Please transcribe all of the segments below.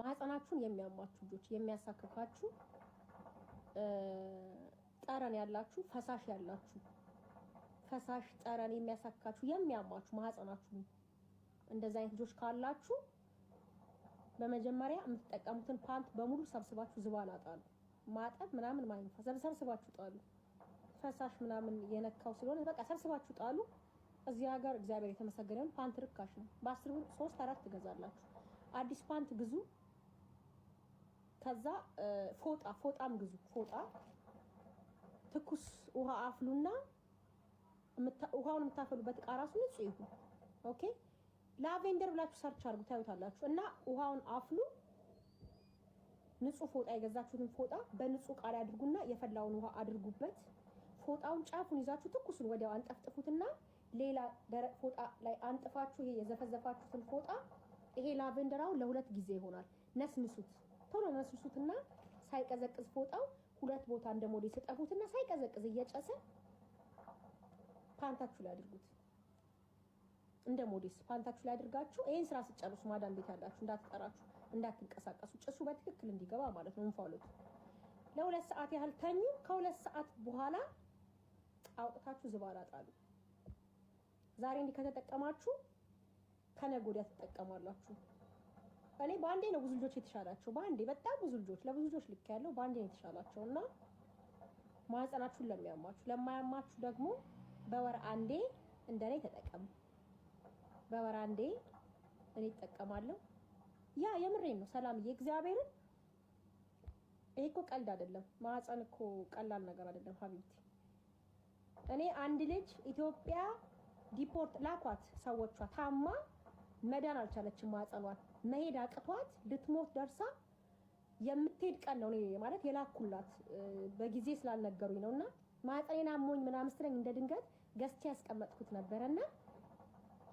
ማህፀናችሁን የሚያማችሁ ልጆች የሚያሳክካችሁ ጠረን ያላችሁ ፈሳሽ ያላችሁ ፈሳሽ ጠረን የሚያሳክካችሁ የሚያሟችሁ ማህፀናችሁ እንደዚ አይነት ልጆች ካላችሁ በመጀመሪያ የምትጠቀሙትን ፓንት በሙሉ ሰብስባችሁ ዝባላ ጣሉ። ማጠብ ምናምን ማለት ሰብስባችሁ ጣሉ። ፈሳሽ ምናምን የነካው ስለሆነ በቃ ሰብስባችሁ ጣሉ። እዚህ ሀገር እግዚአብሔር የተመሰገነውን ፓንት ርካሽ ነው። በአስር ብር ሶስት አራት ትገዛላችሁ። አዲስ ፓንት ግዙ። ከዛ ፎጣ ፎጣም ግዙ። ፎጣ ትኩስ ውሃ አፍሉና ውሃውን የምታፈሉበት እቃ ራሱ ንጹህ ይሁን። ኦኬ ላቬንደር ብላችሁ ሰርች አድርጉ ታዩታላችሁ። እና ውሃውን አፍሉ። ንጹህ ፎጣ የገዛችሁትን ፎጣ በንጹህ ቃሪ አድርጉና የፈላውን ውሃ አድርጉበት። ፎጣውን ጫፉን ይዛችሁ ትኩሱን ወዲያው አንጠፍጥፉትና ሌላ ደረቅ ፎጣ ላይ አንጥፋችሁ ይሄ የዘፈዘፋችሁትን ፎጣ ይሄ ላቬንደራውን ለሁለት ጊዜ ይሆናል ነስንሱት። ቶሎ ነስሱትና ሳይቀዘቅዝ ፎጣው ሁለት ቦታ እንደ ሞዴል ስጠፉትና ሳይቀዘቅዝ እየጨሰ ፓንታችሁ ላይ አድርጉት። እንደ ሞዴስ ፓንታችሁ ላይ አድርጋችሁ ይሄን ስራ ስጨርሱ ማዳም ቤት ያላችሁ እንዳትጠራችሁ፣ እንዳትንቀሳቀሱ ጭሱ በትክክል እንዲገባ ማለት ነው። እንፋሎቱ ለሁለት ሰዓት ያህል ተኙ። ከሁለት ሰዓት በኋላ አውጥታችሁ ዝባላ ጣሉ። ዛሬ እንዲህ ከተጠቀማችሁ ከነገ ወዲያ ትጠቀማላችሁ። እኔ በአንዴ ነው ብዙ ልጆች የተሻላቸው። በአንዴ በጣም ብዙ ልጆች ለብዙ ልጆች ልክ ያለው በአንዴ ነው የተሻላቸው እና ማህፀናችሁን ለሚያማችሁ ለማያማችሁ ደግሞ በወር አንዴ እንደኔ ተጠቀም። በወር አንዴ እኔ እጠቀማለሁ። ያ የምሬን ነው ሰላምዬ፣ እግዚአብሔርን ይሄ እኮ ቀልድ አይደለም። ማህፀን እኮ ቀላል ነገር አይደለም ሀቢብቲ። እኔ አንድ ልጅ ኢትዮጵያ ዲፖርት ላኳት ሰዎቿ ታማ መዳን አልቻለችም ማህፀኗን መሄድ አቅቷት ልትሞት ደርሳ የምትሄድ ቀን ነው ማለት የላኩላት በጊዜ ስላልነገሩኝ ነው። እና ማጠኔና ሞኝ ምናምን ስትለኝ እንደ ድንገት ገዝቼ ያስቀመጥኩት ነበረ እና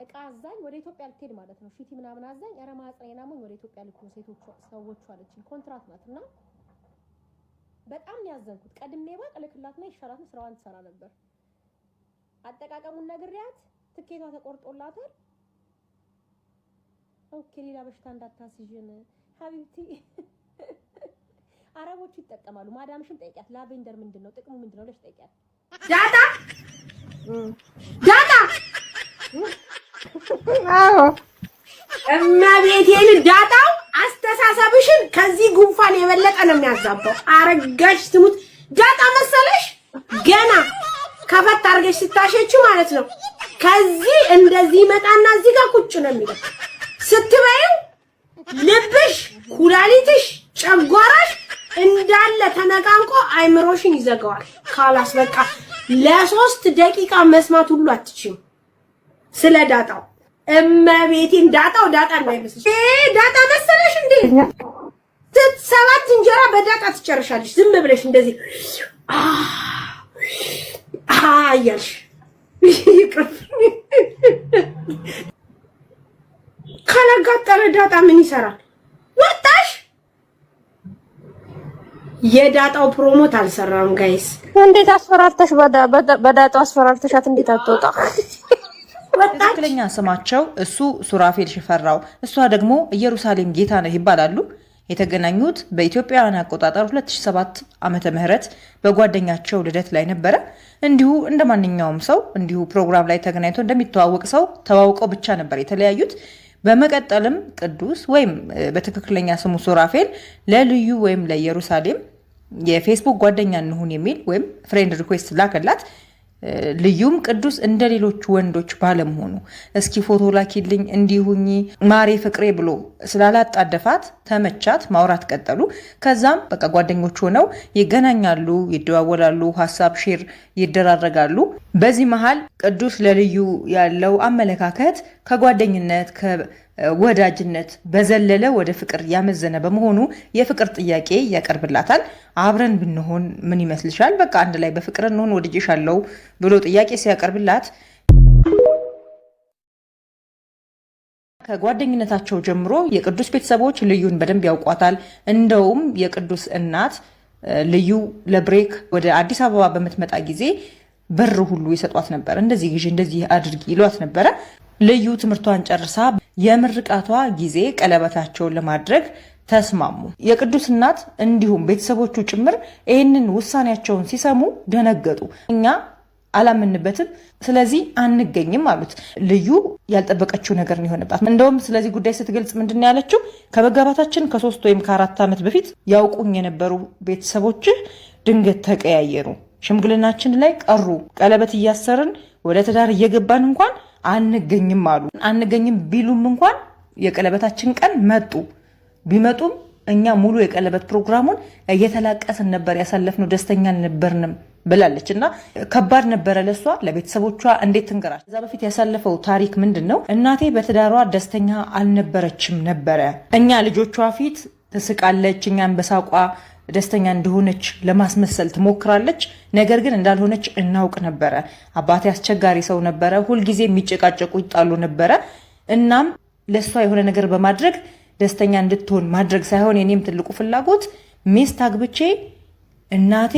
እቃ አዛኝ ወደ ኢትዮጵያ ልትሄድ ማለት ነው ሺቲ ምናምን አዛኝ ኧረ ማጽናዬን ሞኝ ወደ ኢትዮጵያ ልኩ ሴቶቹ ሰዎቹ አለችኝ። ኮንትራት ናት እና በጣም ያዘንኩት። ቀድሜ ባቅ ልክላት ነው ይሻላት ስራዋን ትሰራ ነበር። አጠቃቀሙን ነግሪያት ትኬቷ ተቆርጦላታል። ኦኬ፣ ሌላ በሽታ እንዳታስዥን ሀቢብቲ። አረቦቹ ይጠቀማሉ። ማዳምሽን ጠይቂያት፣ ላቬንደር ምንድን ነው ጥቅሙ ምንድን ነው ብለሽ ጠይቂያት። ዳታ ዳታ፣ አዎ እመቤቴን ዳታው አስተሳሰብሽን ከዚህ ጉንፋን የበለጠ ነው የሚያዛባው። አረጋሽ ትሙት ዳጣ መሰለሽ ገና ከፈት አድርገሽ ስታሸች ማለት ነው። ከዚህ እንደዚህ መጣና እዚህ ጋር ቁጭ ነው የሚለው ስትበይው ልብሽ፣ ኩላሊትሽ፣ ጨጓራሽ እንዳለ ተነቃንቆ አይምሮሽን ይዘጋዋል። ካላስ በቃ ለሶስት ደቂቃ መስማት ሁሉ አትችይም። ስለ ዳጣው እመቤቴን ዳጣው ዳጣ እንዳይመስልሽ። ዳጣ መሰለሽ እንዴ? ሰባት እንጀራ በዳጣ ትጨርሻለሽ። ዝም ብለሽ እንደዚህ አያልሽ ይቅር ካላጋጠረ ዳጣ ምን ይሰራል? ወጣሽ የዳጣው ፕሮሞት አልሰራም። ጋይስ እንዴት አስፈራርተሽ በዳጣው አስፈራርተሻት እንዴት አትወጣ? ትክክለኛ ስማቸው እሱ ሱራፌል ሽፈራው፣ እሷ ደግሞ ኢየሩሳሌም ጌታ ነው ይባላሉ። የተገናኙት በኢትዮጵያውያን አቆጣጠር 2007 ዓመተ ምህረት በጓደኛቸው ልደት ላይ ነበረ። እንዲሁ እንደ ማንኛውም ሰው እንዲሁ ፕሮግራም ላይ ተገናኝቶ እንደሚተዋወቅ ሰው ተዋውቀው ብቻ ነበር የተለያዩት። በመቀጠልም ቅዱስ ወይም በትክክለኛ ስሙ ሱራፌል ለልዩ ወይም ለኢየሩሳሌም የፌስቡክ ጓደኛ እንሁን የሚል ወይም ፍሬንድ ሪኩዌስት ላከላት። ልዩም ቅዱስ እንደ ሌሎች ወንዶች ባለመሆኑ እስኪ ፎቶ ላኪልኝ እንዲሁኝ ማሬ ፍቅሬ ብሎ ስላላጣደፋት ተመቻት። ማውራት ቀጠሉ። ከዛም በቃ ጓደኞች ሆነው ይገናኛሉ፣ ይደዋወላሉ፣ ሀሳብ ሼር ይደራረጋሉ። በዚህ መሀል ቅዱስ ለልዩ ያለው አመለካከት ከጓደኝነት ወዳጅነት በዘለለ ወደ ፍቅር ያመዘነ በመሆኑ የፍቅር ጥያቄ ያቀርብላታል። አብረን ብንሆን ምን ይመስልሻል? በቃ አንድ ላይ በፍቅር እንሆን ወድጄሻለሁ ብሎ ጥያቄ ሲያቀርብላት ከጓደኝነታቸው ጀምሮ የቅዱስ ቤተሰቦች ልዩን በደንብ ያውቋታል። እንደውም የቅዱስ እናት ልዩ ለብሬክ ወደ አዲስ አበባ በምትመጣ ጊዜ በር ሁሉ ይሰጧት ነበር። እንደዚህ ግዢ እንደዚህ አድርጊ ይሏት ነበረ። ልዩ ትምህርቷን ጨርሳ የምርቃቷ ጊዜ ቀለበታቸውን ለማድረግ ተስማሙ። የቅዱስ እናት እንዲሁም ቤተሰቦቹ ጭምር ይህንን ውሳኔያቸውን ሲሰሙ ደነገጡ። እኛ አላምንበትም፣ ስለዚህ አንገኝም አሉት። ልዩ ያልጠበቀችው ነገር ነው የሆነባት። እንደውም ስለዚህ ጉዳይ ስትገልጽ ምንድን ያለችው ከመጋባታችን ከሶስት ወይም ከአራት ዓመት በፊት ያውቁኝ የነበሩ ቤተሰቦች ድንገት ተቀያየሩ፣ ሽምግልናችን ላይ ቀሩ፣ ቀለበት እያሰርን ወደ ትዳር እየገባን እንኳን አንገኝም አሉ። አንገኝም ቢሉም እንኳን የቀለበታችን ቀን መጡ። ቢመጡም እኛ ሙሉ የቀለበት ፕሮግራሙን እየተላቀስን ነበር ያሳለፍነው፣ ደስተኛ አልነበርንም ብላለች እና ከባድ ነበረ ለሷ ለቤተሰቦቿ እንዴት ትንገራች። ከዛ በፊት ያሳለፈው ታሪክ ምንድን ነው? እናቴ በትዳሯ ደስተኛ አልነበረችም ነበረ። እኛ ልጆቿ ፊት ትስቃለች፣ እኛን በሳቋ ደስተኛ እንደሆነች ለማስመሰል ትሞክራለች። ነገር ግን እንዳልሆነች እናውቅ ነበረ። አባቴ አስቸጋሪ ሰው ነበረ። ሁልጊዜ የሚጨቃጨቁ ይጣሉ ነበረ። እናም ለእሷ የሆነ ነገር በማድረግ ደስተኛ እንድትሆን ማድረግ ሳይሆን የኔም ትልቁ ፍላጎት ሚስት አግብቼ እናቴ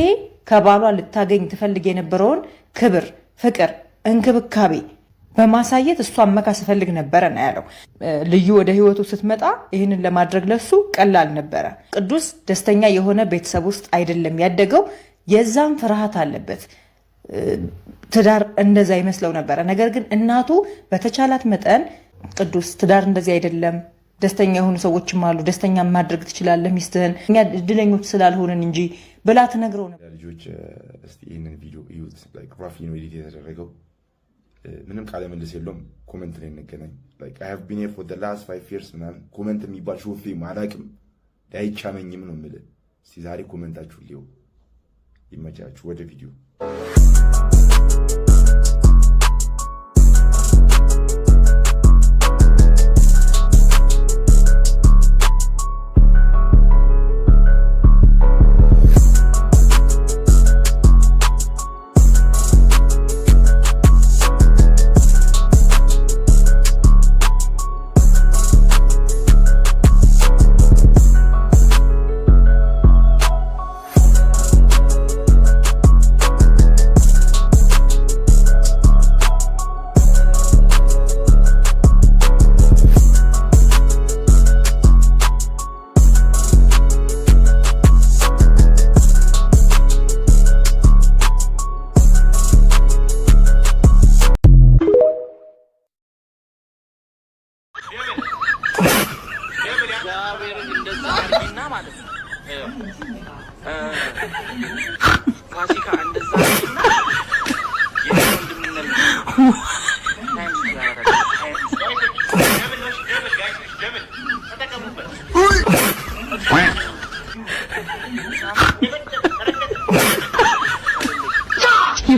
ከባሏ ልታገኝ ትፈልግ የነበረውን ክብር፣ ፍቅር፣ እንክብካቤ በማሳየት እሷ መካ ስፈልግ ነበረ ነው ያለው። ልዩ ወደ ህይወቱ ስትመጣ ይህንን ለማድረግ ለሱ ቀላል ነበረ። ቅዱስ ደስተኛ የሆነ ቤተሰብ ውስጥ አይደለም ያደገው። የዛም ፍርሃት አለበት። ትዳር እንደዛ ይመስለው ነበረ። ነገር ግን እናቱ በተቻላት መጠን ቅዱስ ትዳር እንደዚህ አይደለም፣ ደስተኛ የሆኑ ሰዎችም አሉ፣ ደስተኛ ማድረግ ትችላለህ ሚስትህን፣ እኛ እድለኞች ስላልሆንን እንጂ ብላ ትነግረው ነበር። ልጆች ይህንን ቪዲዮ እዩት፣ ራፍ ነው ኤዲት የተደረገው ምንም ቃለ መልስ የለውም። ኮመንት ላይ እንገናኝ። ላስት ፋይቭ ይርስ ምናምን ኮመንት የሚባል ሾፌ አላቅም አይቻመኝም ነው የምልህ። እስኪ ዛሬ ኮመንታችሁ ሊው ይመቻችሁ። ወደ ቪዲዮ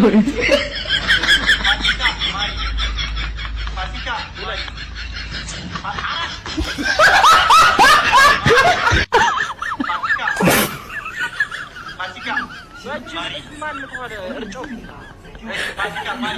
boleh. Baju Iman kepada Ercok. Baju Iman.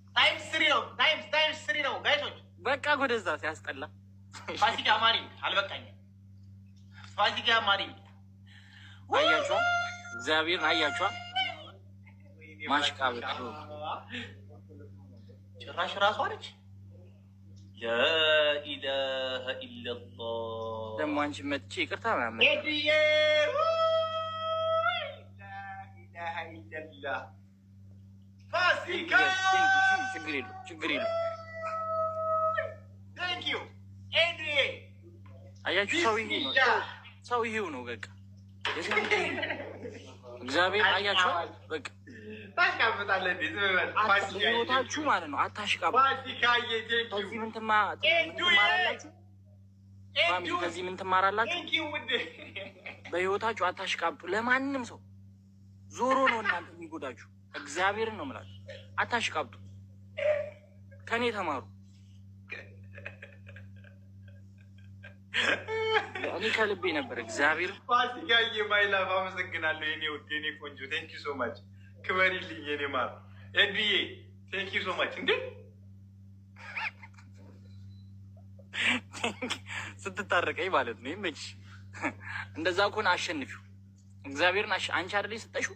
ታይምስ ስሪ ነው። ታይምስ ታይምስ ስሪ ነው። ጋይሶች በቃ ወደዛ ሲያስጠላ ፋሲካ አማሪኝ አልበቃኝም። ፋሲካ አማሪኝ አያችኋ፣ እግዚአብሔርን አያችኋ። ማሽቃበጥ ጭራሽ ራሷ ነች። ላኢላሀ ኢለላህ ደግሞ አንቺ መጥቼ ይቅርታ ምናምን ችግር አያችሁ ነው በቃ እግዚአብሔር አያችሁ በቃ ማለት ነው። አታሽቃበዚህ ምን ትማራላችሁ? በህይወታችሁ ለማንም ሰው ዞሮ ነው እናንተ የሚጎዳችሁ። እግዚአብሔርን ነው የምላችሁ። አታሽቃብጡ፣ ከእኔ ተማሩ። እኔ ከልቤ ነበር። እግዚአብሔር ፋሲካዬ ማይላፍ አመሰግናለሁ። የኔ ውድ የኔ ቆንጆ ቴንኪ ሶ ማች ክበሪልኝ የኔ ማር ኤንዲዬ ቴንኪ ሶ ማች። እንዴ ስትታረቀኝ ማለት ነው። ይመች እንደዛ ኮን አሸንፊው እግዚአብሔርን አንቺ አደለኝ ስጠሽው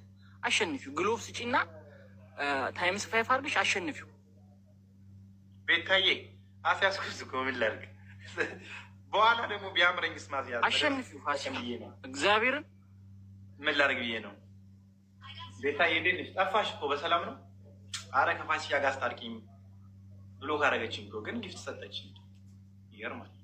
አሸንፊው። ግሎቭ ስጪና ታይምስ ፋይፍ አድርግሽ አሸንፊው። ቤታዬ አፍ ያስኩስ እኮ ምን ላድርግ? በኋላ ደግሞ ቢያምረኝ ስማት ያዝ አሸንፊው። እግዚአብሔርን ምን ላድርግ ብዬ ነው። ቤታዬ እንዴት ነሽ? ጠፋሽ እኮ በሰላም ነው? አረ ከፋሲካ ጋር አስታርቂኝ ብሎ ካረገችኝ እኮ ግን ጊፍት ሰጠችኝ። ይገርማል።